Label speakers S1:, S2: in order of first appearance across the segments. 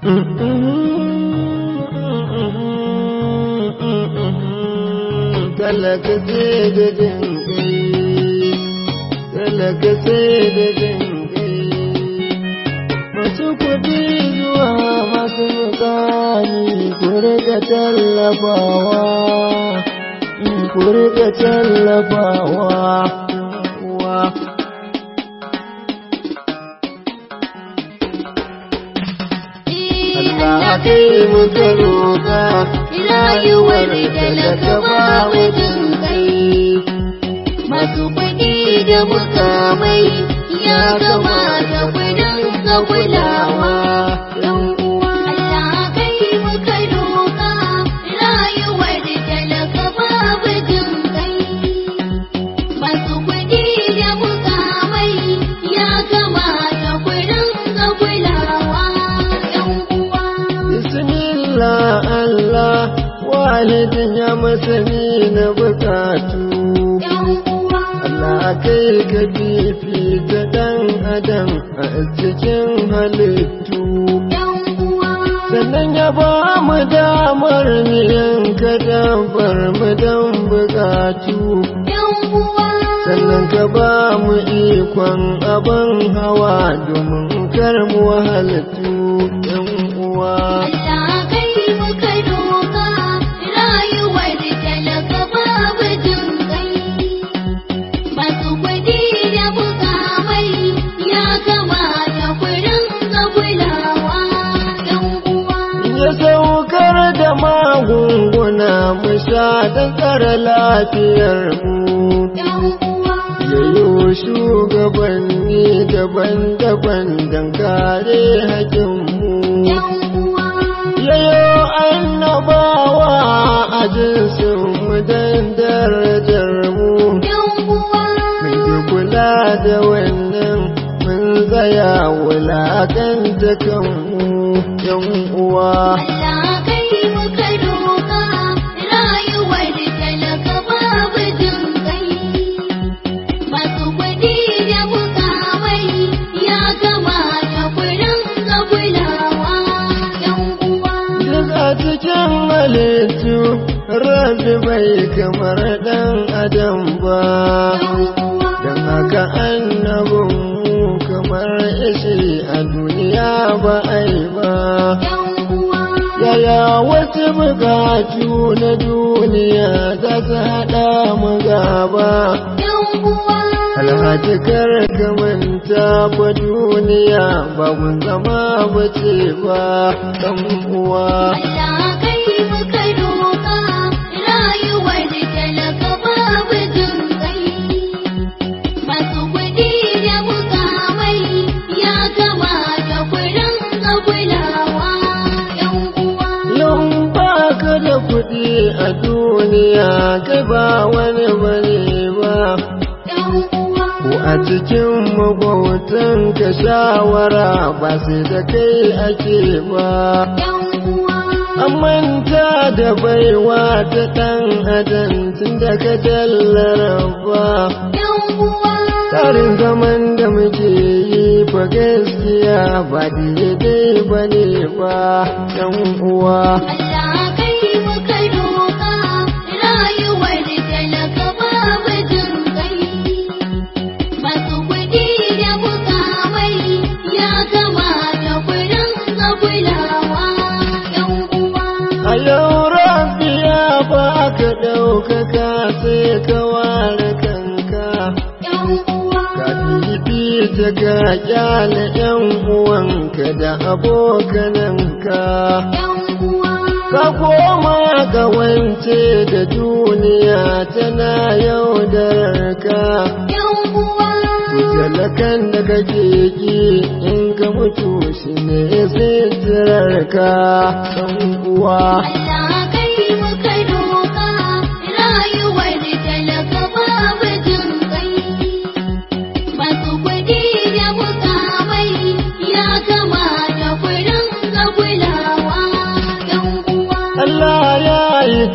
S1: talaka sai da jinkai talaka sai da jinkai masu kudi zuwa masu mukami ku rika tallafawa ku rika tallafawa kai muka roƙa rayuwar talaka ba wajen kai masu da mukamai ya kamata kuɗin ka kulawa masani na bukatu Allah kai ka fifita ɗan adam a cikin halittu sannan ya ba mu damar miyan ka damar mu dan bukatu sannan ka ba mu ikon abin hawa domin kar mu halittu 'yan uwa gyara lafiyarmu yayo shugabanni daban-daban don kare haƙinmu yayo annabawa a jinsinmu don darajarmu mai kula da wannan mun zaya wulaƙanta kanmu 'yan uwa bai kamar ɗan adam ba don haka annabin mu kamar ishe a duniya ba ai ba yaya wata bukatu na duniya za ta haɗa mu gaba alhaji kar ka manta ba duniya ba mun zama bace ba ɗan uwa wani bane ba a cikin magwautan ka shawara ba sai da kai ake ba amanta da baiwa ta ɗan adam tun da ka ba tsarin zaman da muke yi ba gaskiya ba daidai ba ne ba ɗan uwa ka kyale yan uwanka da abokananka ka koma ka wance da duniya tana yaudararka talakan da kake ki in ka mutu shi ne zai ka uwa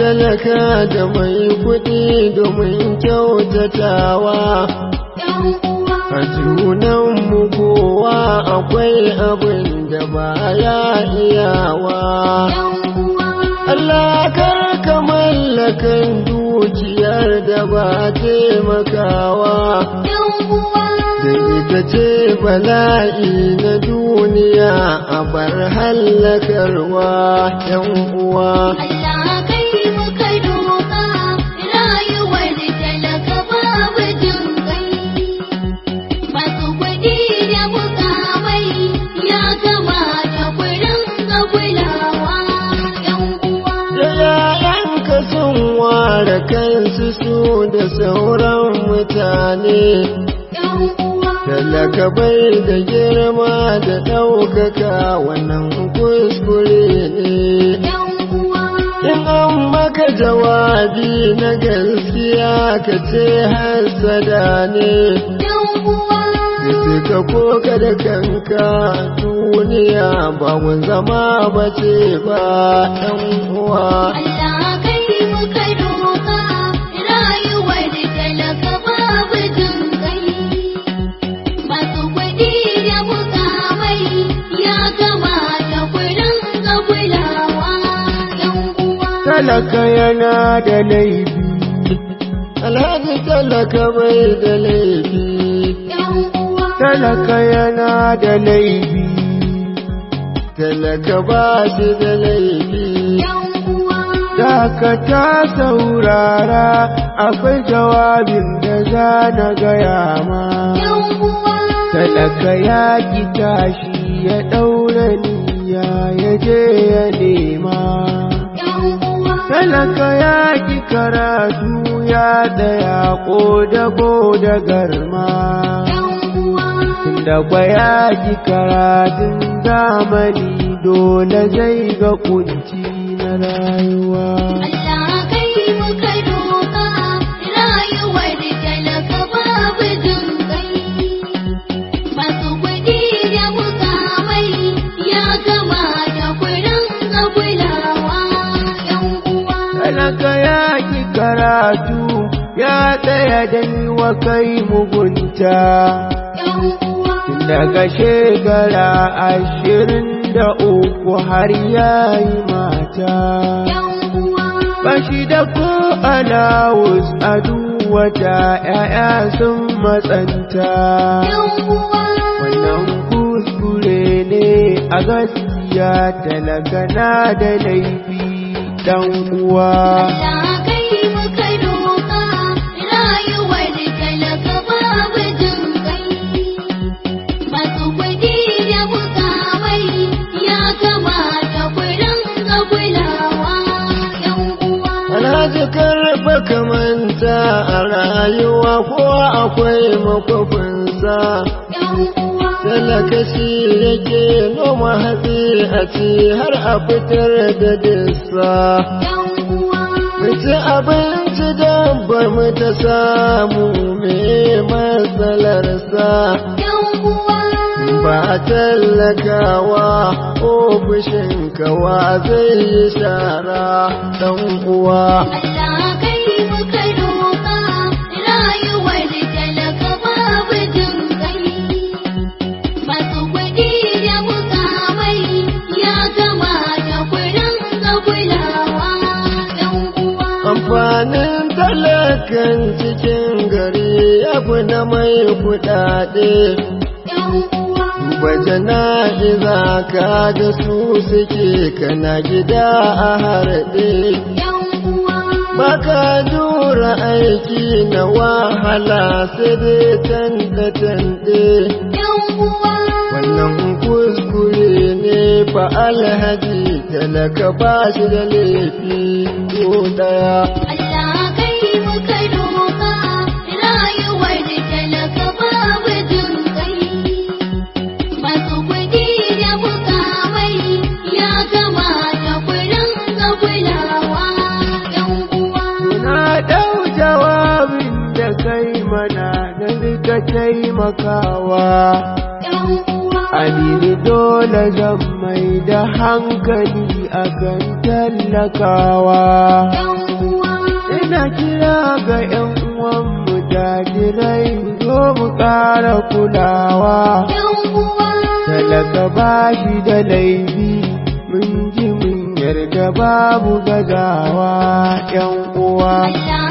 S1: talaka da mai kuɗi domin kyautatawa a mu kowa akwai abin da ya iyawa Allah karka mallakan dukiyar da ba taimakawa da ita ce bala'i na duniya a bar hallakarwa 'yan uwa. da sauran mutane Talaka bai da girma da ɗaukaka wannan kuskure ne In an maka jawabi na gaskiya ka ce hasada ne Ka koka da kanka duniya ba mu zama ba ce ba ɗan uwa. Allah kai mu talaka yana da laifi alhaji talaka bai da laifi talaka yana da laifi talaka ba shi da laifi Daka ta saurara akwai jawabin da za na gaya ma talaka ya ki tashi ya ɗaura niyya ya je ya nema talaka ya ki karatu ya daya ko da garma da ya ki karatun zamani dole zai ga kunci na rayuwa kai mugunta daga shekara ashirin da uku har yayi mata bashi da ko alawus a duwata ‘ya'ya sun matsanta wannan kuskure ne a gaskiya talaga na da laifi ɗan uwa. rayuwa kowa akwai makwafinsa talakashi yake noma hatsi a ci har a fitar da dinsa mace abinci ba mu ta samu me matsalarsa ba tallakawa ofishinka kawa zai yi shara ɗan uwa kan cikin gari ya fi na mai kuɗaɗe. Baje na iza ka da su suke kana gida a harɗe. Baka jura aiki na wahala sai dai tanda tanɗe wannan kuskure ne fa alhaji talaka ba shi da laifi ko daya kulawa Aminu dole zan mai da hankali akan tallakawa Ina kira ga ‘yan da jirai zo mu ƙara kulawa Talaka ba shi da laifi mun ji mun yarda babu gazawa ‘yan uwa.